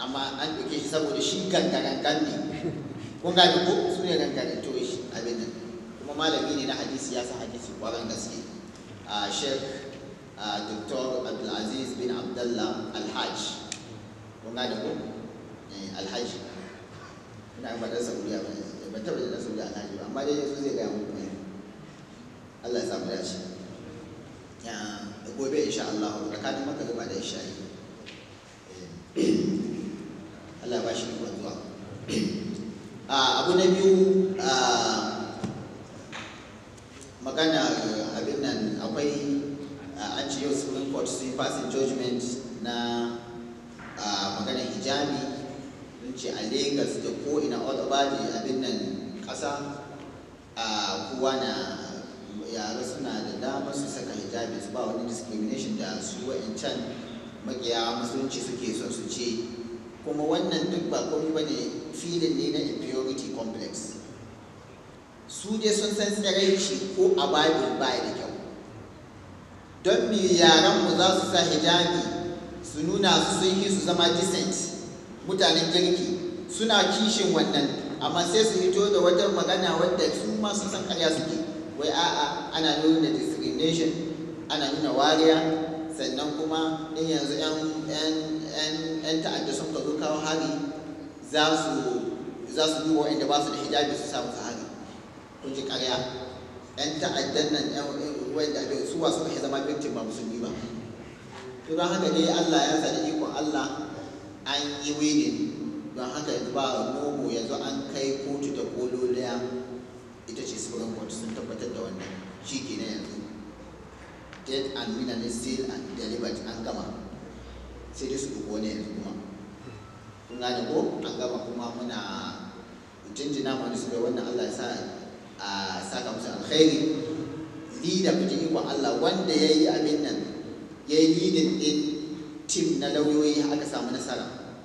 S1: amma an ɗauke shi saboda shi ganga gangan ne kun gane ko su ne ganga to shi abin nan kuma malami ne na hadisi ya san hadisi kwarin gaske a shek dr abdulaziz bin abdallah alhaj kun gane ko eh, alhaji ina ba dan saudiya ba ne ban taɓa jin dan saudiya alhaji ba amma dai yanzu zai gaya muku Allah ya samu dace ya gobe insha Allah da kada maka gaba da isha'i eh, Allah ya bashi ikon zuwa ah, abu na biyu ah, magana abin nan akwai ah, an ce yau supreme court sun pass judgment na magana hijabi sun ce a lagos da ko ina all over abin nan ƙasa kowa na yare suna da dama su saka hijabi su ba wani discrimination da su wa'ancan makiya musulunci suke son su ce kuma wannan duk ba kuma ba ne filin ne na impurity complex su je sun san tsiraici ko a babin baya da kyau don mi yaren mu za su sa hijabi su nuna su sun yi su zama decent mutanen kirki suna kishin wannan amma sai su hito da wata magana wadda su masu san karya suke wai a'a ana nuna discrimination ana nuna wariya sannan kuma in yanzu 'yan ta'adda sun ka zo kawo hari za su duwa inda duba ba su da hijabi su samu hari kun ji karya. 'yan ta'addan nan 'yan ruwan abin su suwa su ka zama victim ba musulmi ba to don haka dai Allah ya sa da ikon Allah an yi wedding don haka yanzu ba nomo yanzu an kai kotu da kololiya ita ce sauran court sun tabbatar da wannan shi ke na yanzu dead and minally sealed and delivered an gama sai dai su duku wani yanzu kuma kun gane ko an gama kuma muna jinjina ma su bai wannan allah ya sa a saka musu alkhairi ni da fitin ikon allah wanda ya yi abin nan ya yi leading din tim na lauyoyi aka samu nasara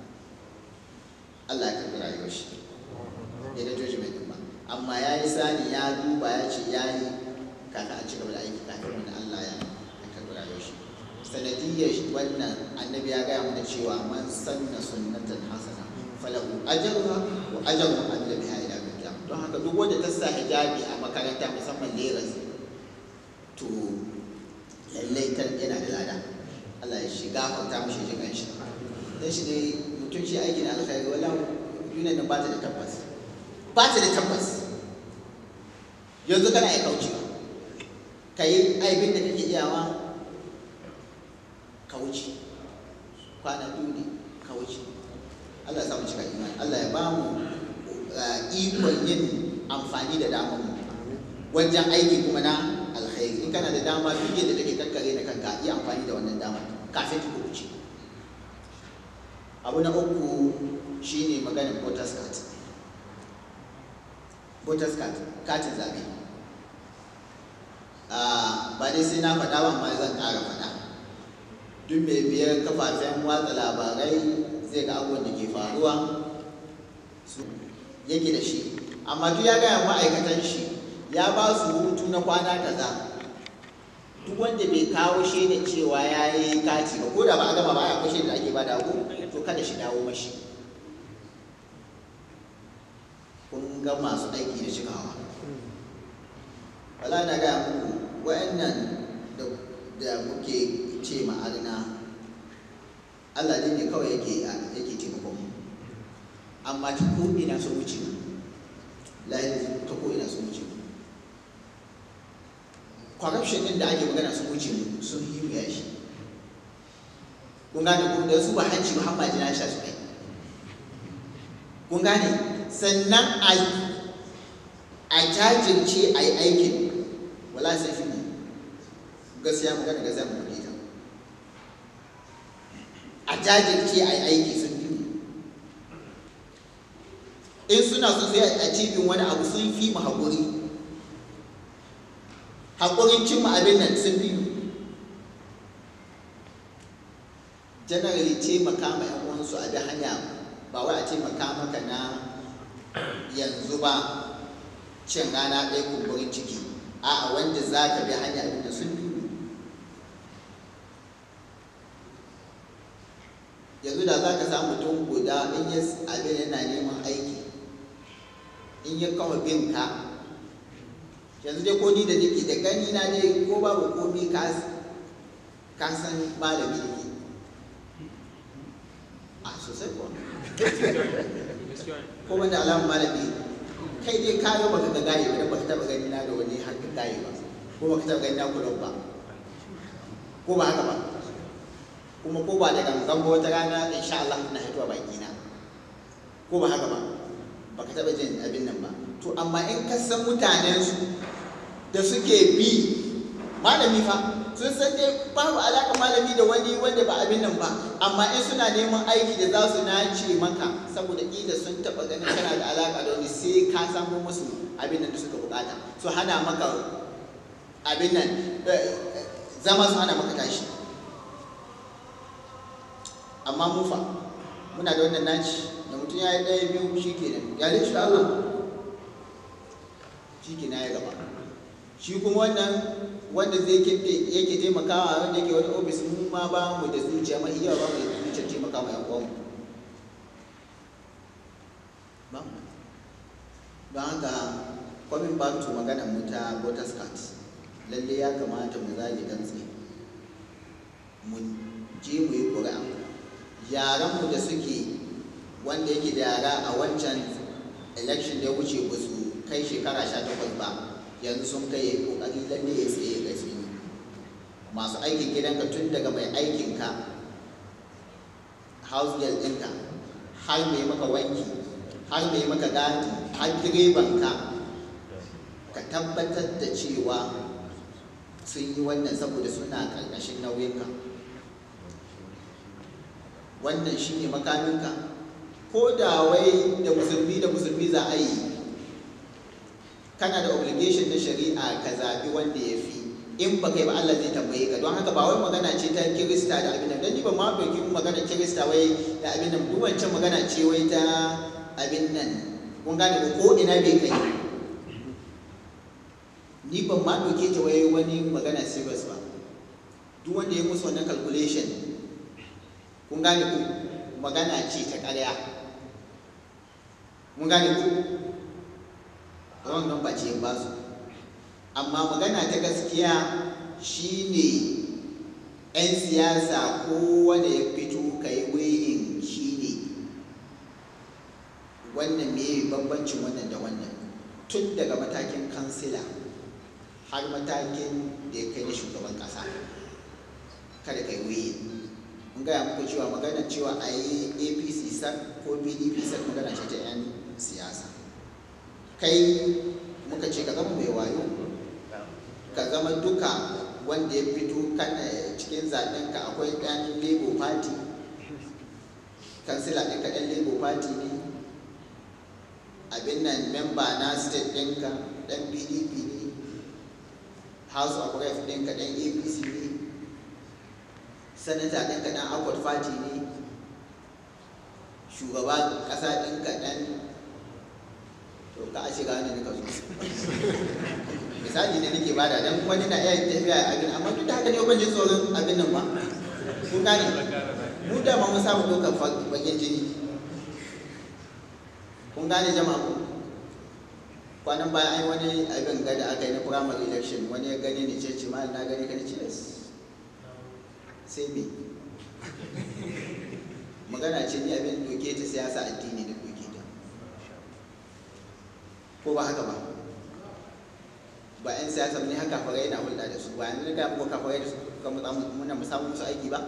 S1: allah ya karbi rayuwar shi ya da judgment amma ya yi sani ya duba ya ce ya yi kaka a cigaba da aiki kafin wani Allah ya gura rayuwar shi sanadiyyar wannan annabi ya gaya mana cewa man sanna sunnatan hasana falahu ajruha wa ajru man amila biha ila don haka duk wanda ta sa hijabi a makaranta musamman Leras to lallai ta yana da lada Allah ya shiga kwanta mishi jigan shi dan shi ne mutum shi aikin alkhairi wala yunan ba ta da tabbas ba ta da tabbas yanzu kana ya ba. ka yi aibin da kake iyawa kauce. kwana biyu ne kauce Allah ya samu cika imani Allah ya ba mu eh, ikon yin amfani da damar mu wajen aiki kuma na alkhairi in kana da dama duk da take kakkare na kanka yi amfani da wannan damar kafin ku wuce abu na uku shine maganin protestant voters card zabe zaɓe ah, ba dai sai na faɗa ba mai zan ƙara faɗa duk mai biyar kafafen watsa labarai zai ga abubuwan da ke faruwa su yake da shi amma duk ya gaya ma'aikatan shi ya ba su hutu na kwana kaza duk wanda bai kawo ne cewa ya yi kati ba ko da ba a gama ba ya kushe da ake ba da to kada shi dawo mashi kun ga masu aiki da shigawa wala na gaya muku wa'annan da muke ce ma'adina Allah ne ne kawai yake yake taimakon mu amma ta ko ina sun wuce layin ta ko ina sun wuce corruption din da ake magana sun wuce mu sun yi yashi kun gane ko da su ba hanci ba hamma jina sha su kai kun gane sannan a jajirce a yi aikin wala sai fi ne gaskiya mu gane gaskiya mu kuɗi ta a jajirce a yi aiki sun fi in suna son su yi a cibin wani abu sun fi mu haƙuri haƙurin cimma abin nan sun fi mu generally taimaka ma 'yan uwansu a bi hanya ba wai a ce maka na yanzu ba cin rana ɗaya kumburin ciki a wanda za ka bi hanya da sun yanzu da za ka samu mutum guda in ya abin yana neman aiki in ya kawo bin ka yanzu dai ko ni da nake da gani na dai ko babu komi ka san malami ke. a sosai kuwa ko wanda alamun malami kai dai kayo baka ga gaye ba ka taba gani na da wani har ka gaye ba ko ba ka taba gani na kulob ba ko ba haka ba kuma ko ba da gangan wata rana sha Allah na haituwa baki na ko ba haka ba Ba ka taba jin abin nan ba to amma in ka san mutanen su da suke bi malami fa sun san dai babu alaka malami da wani wanda ba abin nan ba amma in suna neman aiki da za su nace maka saboda ƙila sun taɓa ganin kana da alaka da wani sai ka samo musu abin nan da suka bukata su hana maka abin nan eh, zama su hana maka tashi amma mufa muna da wannan naci da mutum ya yi ɗaya biyu shi kenan ya shi Allah shi kenan ya gaba shi kuma wannan wanda zai yake taimakawa wanda yake wani ofis mu ma ba mu da zuciya ma iya ba mu da zuciya taimaka ma yan uwanmu ba ba haka coming back to magana mu ta protestant lalle ya kamata mu zage dantse mu je mu yi ƙuri'a yaran mu da suke wanda yake da yara a wancan election da ya wuce ba su kai shekara 18 ba yanzu sun kai kokari lalle ya tsaye masu aikin gidanka tun daga mai aikinka house girl ɗinka har mai maka wanki har mai maka gadi har direbanka ka tabbatar da cewa sun yi wannan saboda suna ƙarƙashin nauyinka wannan shi ne makaminka ko da wai da musulmi da musulmi za a yi kana da obligation na shari'a ka zaɓi wanda ya fi in ba kai ba Allah zai tambaye ka don haka ba wai magana ce ta kirista da abin nan dan ni ba ma dokin magana kirista wai da abin nan duk wancan magana ce wai ta abin nan kun gane ko ina bai kai ni ban ma doke ta wai wani magana serious ba duk wanda ya musu wannan calculation kun gane ku magana ce ta ƙarya Kun gane ku nan ba ce ba su amma magana ta gaskiya shine 'yan siyasa wanda ya fito ka yi wayin shi ne wannan me bambancin wannan da wannan tun daga matakin kansila har matakin da ya kai na shugaban kasa kada ka wayin mun gaya muku cewa maganar cewa a yi apc san ko pdp sar magana ce ta 'yan siyasa kai muka ce ka zama mai wayo ka zama duka wanda ya fito kana cikin zaɓen ka akwai ɗan labour party kansila ɗinka ɗan labour party ne abin nan memba na state ɗinka ɗan pdp ne house of rep ɗinka ɗan apc ne sanata ɗinka ɗan awkward party ne shugaba ƙasa ɗinka ɗan to ka a shiga ne ka zo misali ne nake bada dan wani na iya tafiya a abin amma duk da haka ne ban ji tsoron abin nan ba kun gane mu da ma mun samu dokar bakin jini kun gane jama'a ku kwanan baya ai wani abin gada aka yi na primary election wani ya gani ni ce ma na gani ka ni ce sai me magana ce ni abin doke ta siyasa addini da doke ta ko ba haka ba ba 'yan siyasa ne haka fara na hulɗa da su ba yanzu da kuma kafarai da su kan muna mu samu musu aiki ba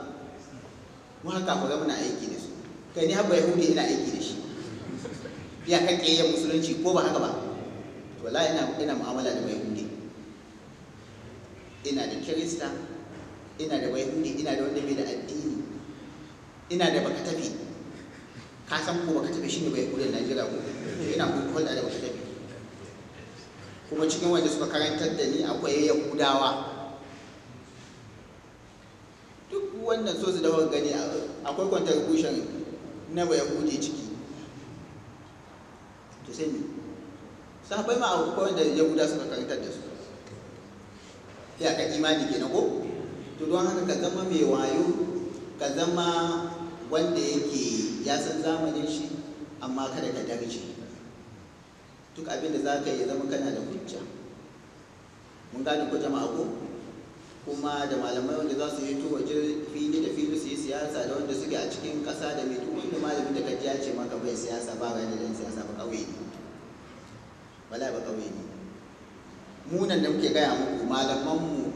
S1: mu haka fara muna aiki da su kai ni haka yahudi ina aiki da shi ya kan ƙeyar musulunci ko ba haka ba to la ina ina mu'amala da mai yahudi ina da kirista ina da mai yahudi ina da wanda bai da addini ina da baka tafi ka san ko baka tafi ne bai yahudi Najeriya ko ina hulɗa da baka tafi kuma cikin wanda suka karantar da ni akwai yahudawa duk wannan so su da gani akwai contribution na ba yahudi ciki to sai su haɓai ma akwai wanda yahuda suka karantar da su ya ka imani kenan ko to don haka ka zama mai wayo ka zama wanda yake ya san zamanin shi amma kada ka darje duk abinda za ka yi zama kana da hujja mun gane ko jama'a ko kuma da malamai wanda za su yi to waje fili da fili su yi siyasa da wanda suke a cikin ƙasa da mai duk wanda malamin da ka ya ce maka bai siyasa ba ga da siyasa ba ƙauye ne wala ba ƙauye ne munan da muke gaya muku malamanmu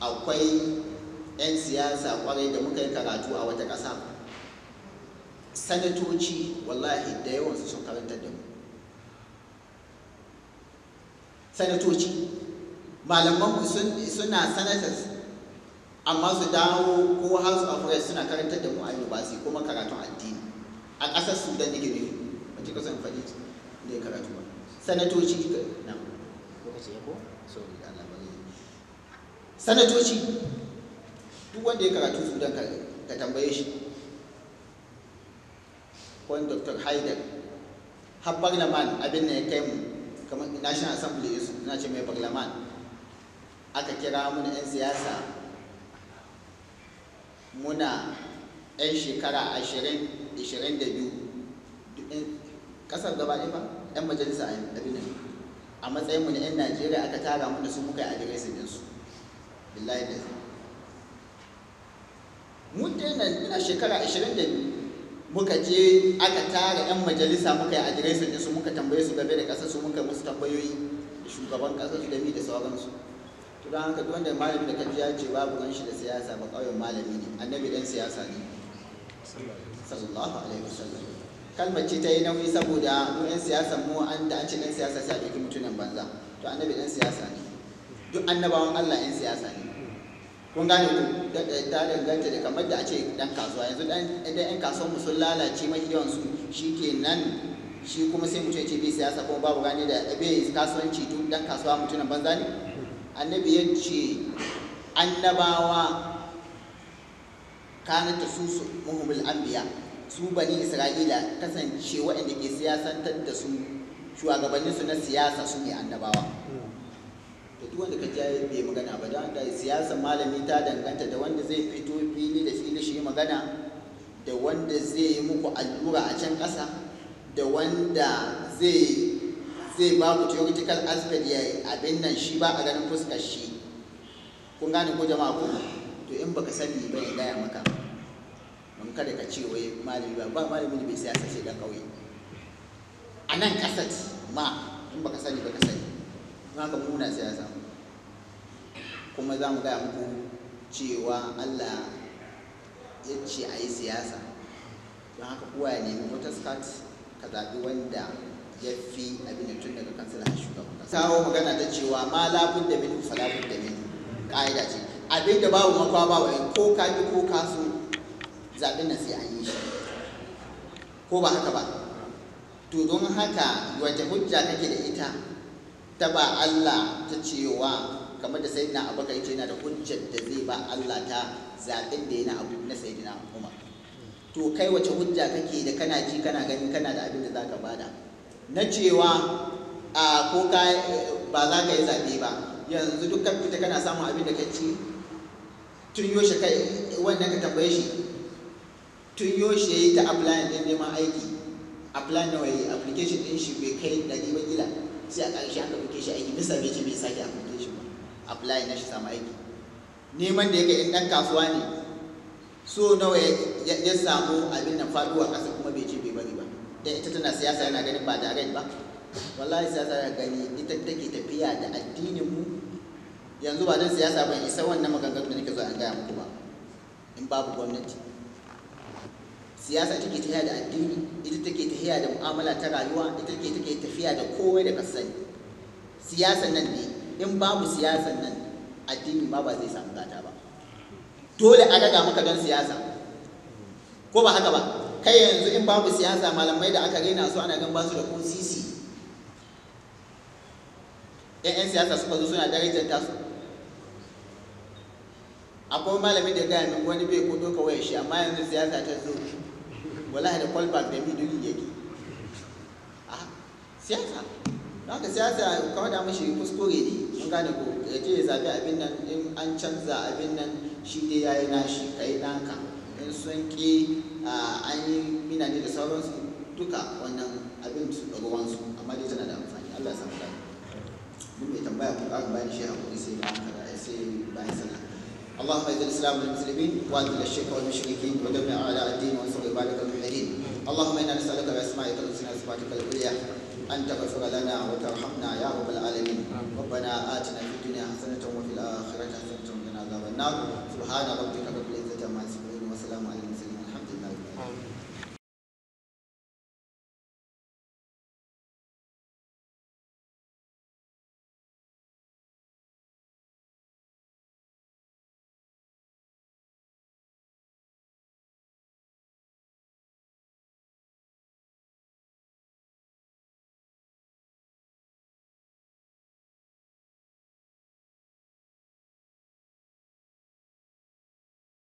S1: akwai 'yan siyasa kwarai da muka yi karatu a wata ƙasa sanatoci wallahi da yawansu sun karanta da mu sanatoci malamanku suna sanatas, amma su dawo ko house of reps suna karantar da mu a su kuma karatun addini a ƙasar sudan nake nufi ba ci kasan faɗi da ya karatu ba sanatoci na lokaci ya ko da Allah ba sanatoci duk wanda ya karatu sudan ka tambaye shi wani dr haidar habbar na man abin da ya kai mu kamar national assembly yasu na ce mai parliament aka kira muna 'yan siyasa muna 'yan shekara 20-22 kasar gaba ne ba 'yan majalisa a abinan a matsayin mu na 'yan najeriya aka tara mu da su muka yi adiresin yansu billahi da zai Mun na shekara 22 muka je aka tara 'yan majalisa muka yi adiresin da su muka tambaye su game da ƙasar su muka musu tambayoyi da shugaban ƙasar su da mi da sauransu to don haka duk wanda malami da kaji ya ce babu ran shi da siyasa ba ƙauyen malami ne annabi dan siyasa ne sallallahu alaihi wasallam kalmar ce ta yi nauyi saboda mu 'yan siyasa mu an da an ce dan siyasa sai a ɗauki mutunan banza to annabi dan siyasa ne duk annabawan Allah 'yan siyasa ne kun gane ku ta danganta da kamar da a ce dan kasuwa yanzu dan yan kasuwan mu sun lalace mafi shi ke nan shi kuma sai mutum ya ce bai siyasa kuma babu gane da abe kasuwanci duk dan kasuwa na banza ne annabi ya ce annabawa kanata su su muhimmin anbiya su bani isra'ila kasance waɗanda ke siyasantar da su shugabanninsu na siyasa su ne annabawa duk wanda ka ya bai magana ba don da siyasar malami ta danganta da wanda zai fito fili da fili shi magana da wanda zai yi muku allura a can ƙasa da wanda zai zai ba ku theoretical aspect ya abin nan shi ba a ganin fuskar shi kun gane ko jama'a ko to in baka sani ba ya gaya maka mun kada ka ce wai malami ba ba malami ne mai siyasa sai da kauye a nan kasat ma in baka sani baka sani haka muna sai ya samu kuma za mu gaya muku cewa allah ya ce a yi siyasa don haka kowa ya nemi wata skat ka zaɓi wanda ya fi abin da tun daga kansila a shugaban ta hau magana ta cewa ma labun da min fa labun da min ƙa'ida ce abin da babu makwa ba wai ko ka bi ko ka so zaɓen na sai an yi shi ko ba haka ba to don haka wata hujja kake da ita ta ba Allah ta cewa kamar da sayyidina abubakar ce yana da hujjar da zai ba Allah ta zaɓin da yana abu na na Umar to kai wace hujja kake da kana ji kana gani kana da abin da za ka bada na cewa a ko ka ba za ka yi zaɓe ba yanzu dukkan fita kana samun abin da ka ci tun yoshe kai wannan ka tambaye shi tun yoshe ya yi ta applying ɗin neman aiki applying nawa yi application ɗin shi bai kai ɗari ba kila sai aka shi aka buke shi aiki bisa bai ce bai sake aka buke shi ba apply na shi samu aiki neman da yake in ɗan kasuwa ne so nawa ya samu abin nan a ƙasa kuma bai ce bai bari ba da ita tana siyasa yana ganin ba direct ba wallahi siyasa yana gani ita take tafiya da addinin mu yanzu ba don siyasa ba isa wannan maganganun da nake zo an gaya muku ba in babu gwamnati siyasa take tafiya da addini ita take tafiya da mu'amala ta rayuwa ita take take tafiya da komai da kasani siyasan nan ne in babu siyasan nan addini ba ba zai samu gata ba dole a raga maka don siyasa ko ba haka ba kai yanzu in babu siyasa malamai da aka rena su ana gan basu da ko sisi yan siyasa suka zo suna ta su akwai malamin da gaya min wani bai ko doka wayar shi amma yanzu siyasa ta zo wallahi da kwalba da mi duki yake a siyasa da aka siyasa kawai da mashi kuskure ne mun gane ko ya ce ya zaɓi abin nan in an canza abin nan shi dai ya yi nashi ka yi ɗanka in sun ƙi an yi mina ne da sauransu duka wannan abin su ruwansu amma dai tana da amfani Allah ya samu dace mun mai tambaya ko ƙarin bayan shi a kuɗi sai ba ka sai bayan sana'a اللهم اهد الاسلام والمسلمين واذل الشرك والمشركين ودمنا على الدين وانصر عبادك الموحدين اللهم انا نسالك باسمائك الحسنى وصفاتك العليا ان تغفر لنا وترحمنا يا رب العالمين ربنا اتنا في الدنيا حسنه وفي الاخره حسنه وقنا عذاب النار سبحان ربك